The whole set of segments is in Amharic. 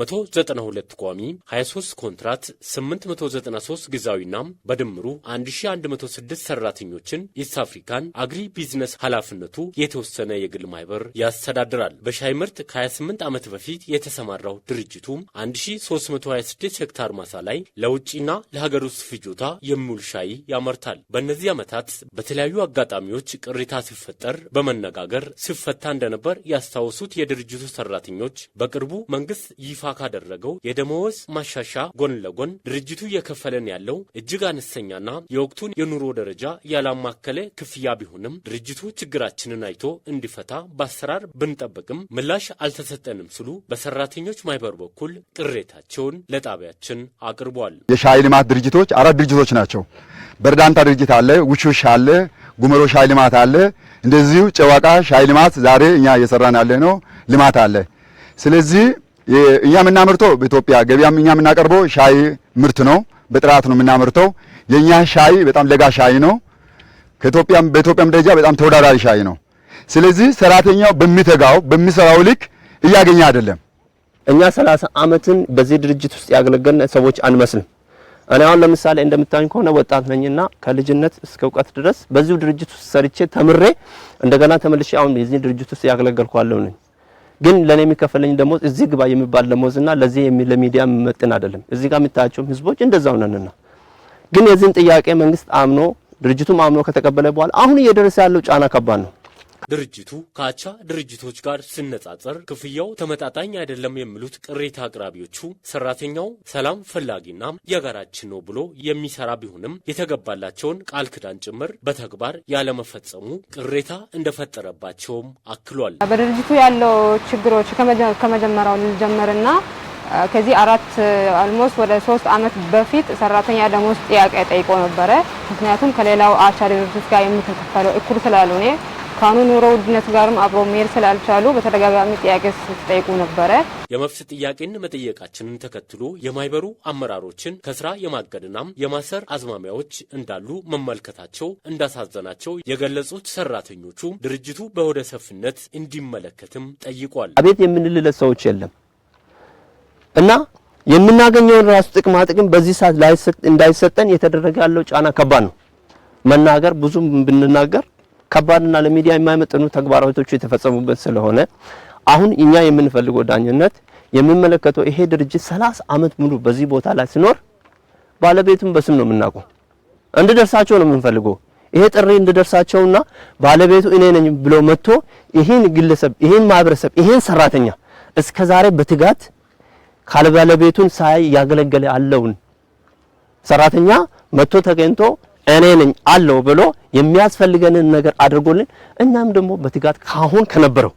192 ቋሚ፣ 23 ኮንትራት፣ 893 ግዛዊና በድምሩ 1106 ሰራተኞችን ኢስት አፍሪካን አግሪ ቢዝነስ ኃላፊነቱ የተወሰነ የግል ማህበር ያስተዳድራል። በሻይ ምርት ከ28 ዓመት በፊት የተሰማራው ድርጅቱ 1326 ሄክታር ማሳ ላይ ለውጭና ለሀገር ውስጥ ፍጆታ የሚውል ሻይ ያመርታል። በእነዚህ ዓመታት በተለያዩ አጋጣሚዎች ቅሬታ ሲፈጠር በመነጋገር ሲፈታ እንደነበር ያስታወሱት የድርጅቱ ሰራተኞች በቅርቡ መንግስት ይፋ ይፋ ካደረገው የደመወዝ ማሻሻ ጎን ለጎን ድርጅቱ እየከፈለን ያለው እጅግ አነስተኛና የወቅቱን የኑሮ ደረጃ ያላማከለ ክፍያ ቢሆንም ድርጅቱ ችግራችንን አይቶ እንዲፈታ በአሰራር ብንጠብቅም ምላሽ አልተሰጠንም ሲሉ በሰራተኞች ማይበር በኩል ቅሬታቸውን ለጣቢያችን አቅርቧል። የሻይ ልማት ድርጅቶች አራት ድርጅቶች ናቸው። በርዳንታ ድርጅት አለ፣ ውሽውሽ አለ፣ ጉመሮ ሻይ ልማት አለ፣ እንደዚሁ ጨዋቃ ሻይ ልማት ዛሬ እኛ እየሰራን ያለ ነው ልማት አለ። ስለዚህ እኛ የምናመርተው በኢትዮጵያ ገበያም እኛ የምናቀርበው ሻይ ምርት ነው። በጥራት ነው የምናመርተው። የእኛ ሻይ በጣም ለጋ ሻይ ነው። ከኢትዮጵያም በኢትዮጵያም ደረጃ በጣም ተወዳዳሪ ሻይ ነው። ስለዚህ ሰራተኛው በሚተጋው በሚሰራው ልክ እያገኘ አይደለም። እኛ ሰላሳ አመትን በዚህ ድርጅት ውስጥ ያገለገልን ሰዎች አንመስልም። እኔ አሁን ለምሳሌ እንደምታኝ ከሆነ ወጣት ነኝና ከልጅነት እስከ እውቀት ድረስ በዚሁ ድርጅት ውስጥ ሰርቼ ተምሬ እንደገና ተመልሼ አሁን የዚህ ድርጅት ውስጥ ያገለገልኳለሁ ነኝ ግን ለኔ የሚከፈለኝ ደሞዝ እዚህ ግባ የሚባል ደሞዝና ለዚህ ለሚዲያ መጥን አይደለም። እዚህ ጋር የምታያቸውም ህዝቦች እንደዛው ነንና፣ ግን የዚህን ጥያቄ መንግስት አምኖ ድርጅቱም አምኖ ከተቀበለ በኋላ አሁን እየደረሰ ያለው ጫና ከባድ ነው። ድርጅቱ ከአቻ ድርጅቶች ጋር ሲነጻጸር ክፍያው ተመጣጣኝ አይደለም የሚሉት ቅሬታ አቅራቢዎቹ ሰራተኛው ሰላም ፈላጊና የጋራችን ነው ብሎ የሚሰራ ቢሆንም የተገባላቸውን ቃል ክዳን ጭምር በተግባር ያለመፈጸሙ ቅሬታ እንደፈጠረባቸውም አክሏል። በድርጅቱ ያለው ችግሮች ከመጀመሪያው ልጀመርና ከዚህ አራት አልሞስት ወደ ሶስት አመት በፊት ሰራተኛ ደሞዝ ጥያቄ ጠይቆ ነበረ። ምክንያቱም ከሌላው አቻ ድርጅት ጋር የምትከፈለው እኩል ስላልሆነ ከአሁኑ ኑሮ ውድነት ጋርም አብሮ መሄድ ስላልቻሉ በተደጋጋሚ ጥያቄ ስትጠይቁ ነበረ። የመፍት ጥያቄን መጠየቃችንን ተከትሎ የማይበሩ አመራሮችን ከስራ የማገድናም የማሰር አዝማሚያዎች እንዳሉ መመልከታቸው እንዳሳዘናቸው የገለጹት ሰራተኞቹ ድርጅቱ በወደ ሰፍነት እንዲመለከትም ጠይቋል። አቤት የምንልለት ሰዎች የለም እና የምናገኘውን ራሱ ጥቅማ ጥቅም በዚህ ሰዓት እንዳይሰጠን የተደረገ ያለው ጫና ከባድ ነው። መናገር ብዙም ብንናገር ከባድና ለሚዲያ የማይመጥኑ ተግባራቶች የተፈጸሙበት ስለሆነ አሁን እኛ የምንፈልገው ዳኝነት የሚመለከተው ይሄ ድርጅት ሰላሳ አመት ሙሉ በዚህ ቦታ ላይ ሲኖር ባለቤቱን በስም ነው የምናውቀው። እንድደርሳቸው ነው የምንፈልገው። ይሄ ጥሪ እንድደርሳቸውና ባለቤቱ እኔ ነኝ ብሎ መጥቶ ይህን ግለሰብ ይህን ማህበረሰብ ይህን ሰራተኛ እስከ ዛሬ በትጋት ካለ ባለቤቱን ሳይ ያገለገለ ያለውን ሰራተኛ መጥቶ ተገኝቶ እኔ ነኝ አለው ብሎ የሚያስፈልገንን ነገር አድርጎልን እኛም ደግሞ በትጋት ካሁን ከነበረው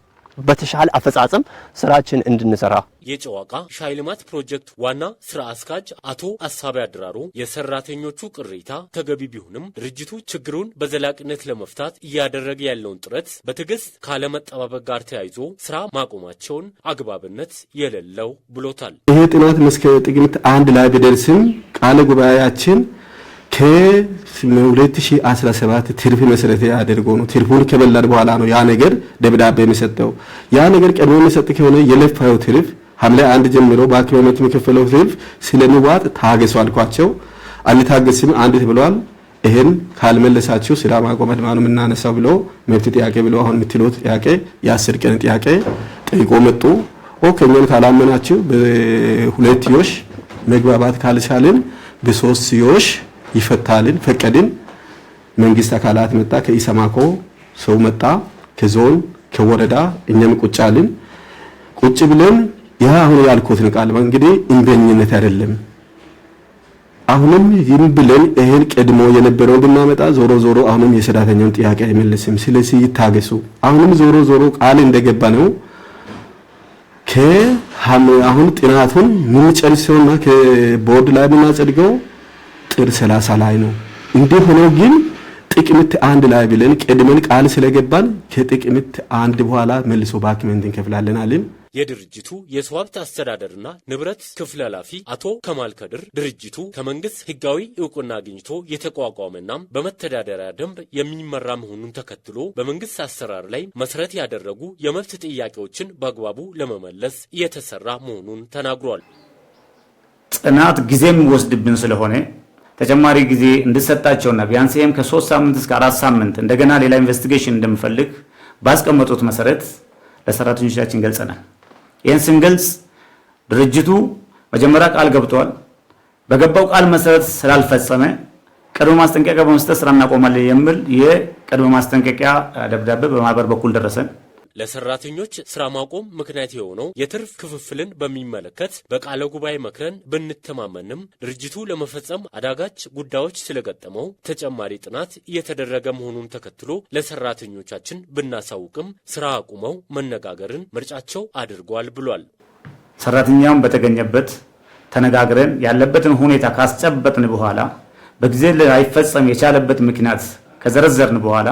በተሻለ አፈጻጸም ስራችን እንድንሰራ የጨዋቃ ሻይ ልማት ፕሮጀክት ዋና ስራ አስኪያጅ አቶ አሳቢ አድራሩ የሰራተኞቹ ቅሬታ ተገቢ ቢሆንም ድርጅቱ ችግሩን በዘላቂነት ለመፍታት እያደረገ ያለውን ጥረት በትዕግስት ካለመጠባበቅ ጋር ተያይዞ ስራ ማቆማቸውን አግባብነት የሌለው ብሎታል። ይህ ጥናት እስከ ጥቅምት አንድ ላይ ቢደርስም ቃለ ጉባኤያችን ከ2017 ትርፍ መሰረት ያደርጎ ነው። ትርፉን ከበላን በኋላ ነው ያ ነገር ደብዳቤ የሚሰጠው። ያ ነገር ቀድሞ የሚሰጥ ከሆነ የለፋው ትርፍ ሐምሌ አንድ ጀምሮ በአክሮነት የሚከፈለው ትርፍ ስለሚዋጥ ታገሱ አልኳቸው። አልታገስም አንድ ብለዋል። ይሄን ካልመለሳችሁ ስራ ማቆም አድማ ነው የምናነሳው ብሎ መብት ጥያቄ ብሎ አሁን የምትለው ጥያቄ የአስር ቀን ጥያቄ ጠይቆ መጡ። ኦኬ እኛን ካላመናችሁ በሁለትዮሽ መግባባት ካልቻልን በሶስትዮሽ ይፈታልን ፈቀድን። መንግስት አካላት መጣ፣ ከኢሰማኮ ሰው መጣ፣ ከዞን ከወረዳ እኛም ቁጫልን ቁጭ ብለን ያ አሁን ያልኩትን ቃል እንግዲህ እንበኝነት አይደለም። አሁንም ይህን ብለን እህል ቀድሞ የነበረው ብናመጣ ዞሮ ዞሮ አሁንም የሰራተኛውን ጥያቄ አይመልስም። ስለዚህ ይታገሱ። አሁንም ዞሮ ዞሮ ቃል እንደገባ ነው። ከአሁን ጥናቱን ምንጨርሰውና ከቦርድ ላይ የምናጸድገው ቁጥር 30 ላይ ነው። እንዲህ ሆኖ ግን ጥቅምት አንድ ላይ ብለን ቀድመን ቃል ስለገባን ከጥቅምት አንድ በኋላ መልሶ ባክመንት እንከፍላለን አለን። የድርጅቱ የሰው ሀብት አስተዳደርና ንብረት ክፍል ኃላፊ አቶ ከማል ከድር ድርጅቱ ከመንግስት ህጋዊ እውቅና አግኝቶ የተቋቋመና በመተዳደሪያ ደንብ የሚመራ መሆኑን ተከትሎ በመንግስት አሰራር ላይ መሰረት ያደረጉ የመብት ጥያቄዎችን በአግባቡ ለመመለስ እየተሰራ መሆኑን ተናግሯል። ጥናት ጊዜም ወስድብን ስለሆነ ተጨማሪ ጊዜ እንድሰጣቸውና ቢያንስ ይህም ከሶስት ሳምንት እስከ አራት ሳምንት እንደገና ሌላ ኢንቨስቲጌሽን እንደምፈልግ ባስቀመጡት መሰረት ለሰራተኞቻችን ገልጸናል። ይህን ስንገልጽ ድርጅቱ መጀመሪያ ቃል ገብተዋል። በገባው ቃል መሰረት ስላልፈጸመ ቅድመ ማስጠንቀቂያ በመስጠት ስራ እናቆማለን የሚል የቅድመ ማስጠንቀቂያ ደብዳቤ በማህበር በኩል ደረሰን። ለሰራተኞች ስራ ማቆም ምክንያት የሆነው የትርፍ ክፍፍልን በሚመለከት በቃለ ጉባኤ መክረን ብንተማመንም ድርጅቱ ለመፈጸም አዳጋች ጉዳዮች ስለገጠመው ተጨማሪ ጥናት እየተደረገ መሆኑን ተከትሎ ለሰራተኞቻችን ብናሳውቅም ስራ አቁመው መነጋገርን ምርጫቸው አድርጓል ብሏል። ሰራተኛውን በተገኘበት ተነጋግረን ያለበትን ሁኔታ ካስጨበጥን በኋላ በጊዜ ላይፈጸም የቻለበት ምክንያት ከዘረዘርን በኋላ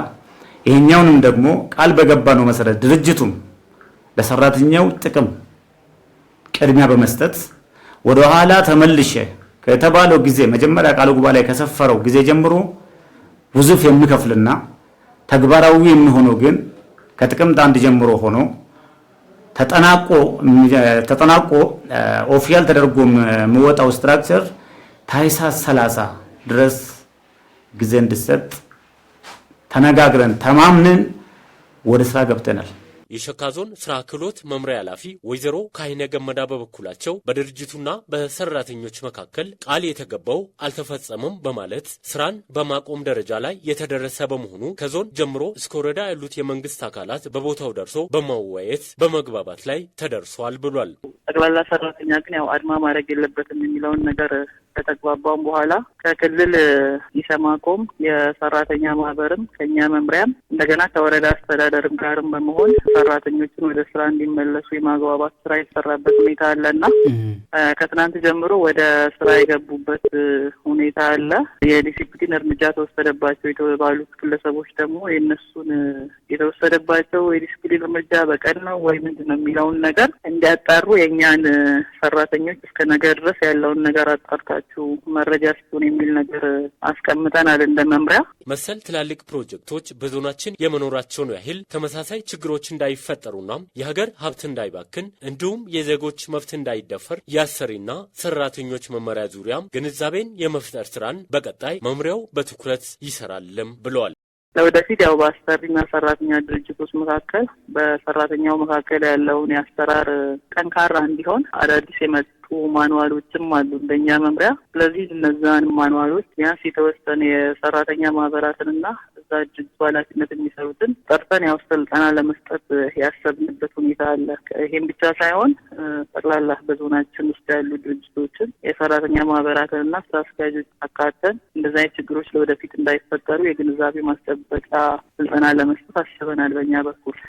ይሄኛውንም ደግሞ ቃል በገባ ነው መሰረት ድርጅቱም ለሰራተኛው ጥቅም ቅድሚያ በመስጠት ወደኋላ ተመልሼ ከተባለው ጊዜ መጀመሪያ ቃል ጉባኤ ላይ ከሰፈረው ጊዜ ጀምሮ ውዝፍ የሚከፍልና ተግባራዊ የሚሆነው ግን ከጥቅምት አንድ ጀምሮ ሆኖ ተጠናቆ ተጠናቆ ኦፊሻል ተደርጎ የሚወጣው ስትራክቸር ታኅሳስ 30 ድረስ ጊዜ እንዲሰጥ ተነጋግረን ተማምነን ወደ ስራ ገብተናል። የሸካ ዞን ስራ ክህሎት መምሪያ ኃላፊ ወይዘሮ ካይነ ገመዳ በበኩላቸው በድርጅቱና በሰራተኞች መካከል ቃል የተገባው አልተፈጸመም በማለት ስራን በማቆም ደረጃ ላይ የተደረሰ በመሆኑ ከዞን ጀምሮ እስከ ወረዳ ያሉት የመንግስት አካላት በቦታው ደርሶ በማወያየት በመግባባት ላይ ተደርሷል ብሏል። ጠቅላላ ሰራተኛ ግን ያው አድማ ማድረግ የለበትም የሚለውን ነገር ከተግባባም በኋላ ከክልል ኢሰማኮም የሰራተኛ ማህበርም ከኛ መምሪያም እንደገና ከወረዳ አስተዳደርም ጋርም በመሆን ሰራተኞችን ወደ ስራ እንዲመለሱ የማግባባት ስራ የተሰራበት ሁኔታ አለና ከትናንት ጀምሮ ወደ ስራ የገቡበት ሁኔታ አለ። የዲሲፕሊን እርምጃ ተወሰደባቸው የተባሉት ግለሰቦች ደግሞ የእነሱን የተወሰደባቸው የዲሲፕሊን እርምጃ በቀን ነው ወይ ምንድን ነው የሚለውን ነገር እንዲያጣሩ የእኛን ሰራተኞች እስከ ነገር ድረስ ያለውን ነገር አጣርታቸው አለባችሁ መረጃ ሲሆን የሚል ነገር አስቀምጠናል እንደ መምሪያ። መሰል ትላልቅ ፕሮጀክቶች በዞናችን የመኖራቸውን ያህል ተመሳሳይ ችግሮች እንዳይፈጠሩና የሀገር ሀብት እንዳይባክን እንዲሁም የዜጎች መብት እንዳይደፈር የአሰሪና ሰራተኞች መመሪያ ዙሪያም ግንዛቤን የመፍጠር ስራን በቀጣይ መምሪያው በትኩረት ይሰራልም ብለዋል። ለወደፊት ያው በአሰሪና ሰራተኛ ድርጅቶች መካከል በሰራተኛው መካከል ያለውን የአሰራር ጠንካራ እንዲሆን አዳዲስ የመጡ ማንዋሎችም አሉ እንደኛ መምሪያ። ስለዚህ እነዛን ማንዋሎች ቢያንስ የተወሰነ የሰራተኛ ማህበራትንና እዛ እጅግ ኃላፊነት የሚሰሩትን ጠርተን ያው ስልጠና ለመስጠት ያሰብንበት ሁኔታ አለ። ይሄም ብቻ ሳይሆን ጠቅላላ በዞናችን ውስጥ ያሉ ድርጅቶችን የሰራተኛ ማህበራትንና ስራ አስኪያጆች አካተን እንደዚ አይነት ችግሮች ለወደፊት እንዳይፈጠሩ የግንዛቤ ማስጨበጫ ስልጠና ለመስጠት አስበናል በእኛ በኩል።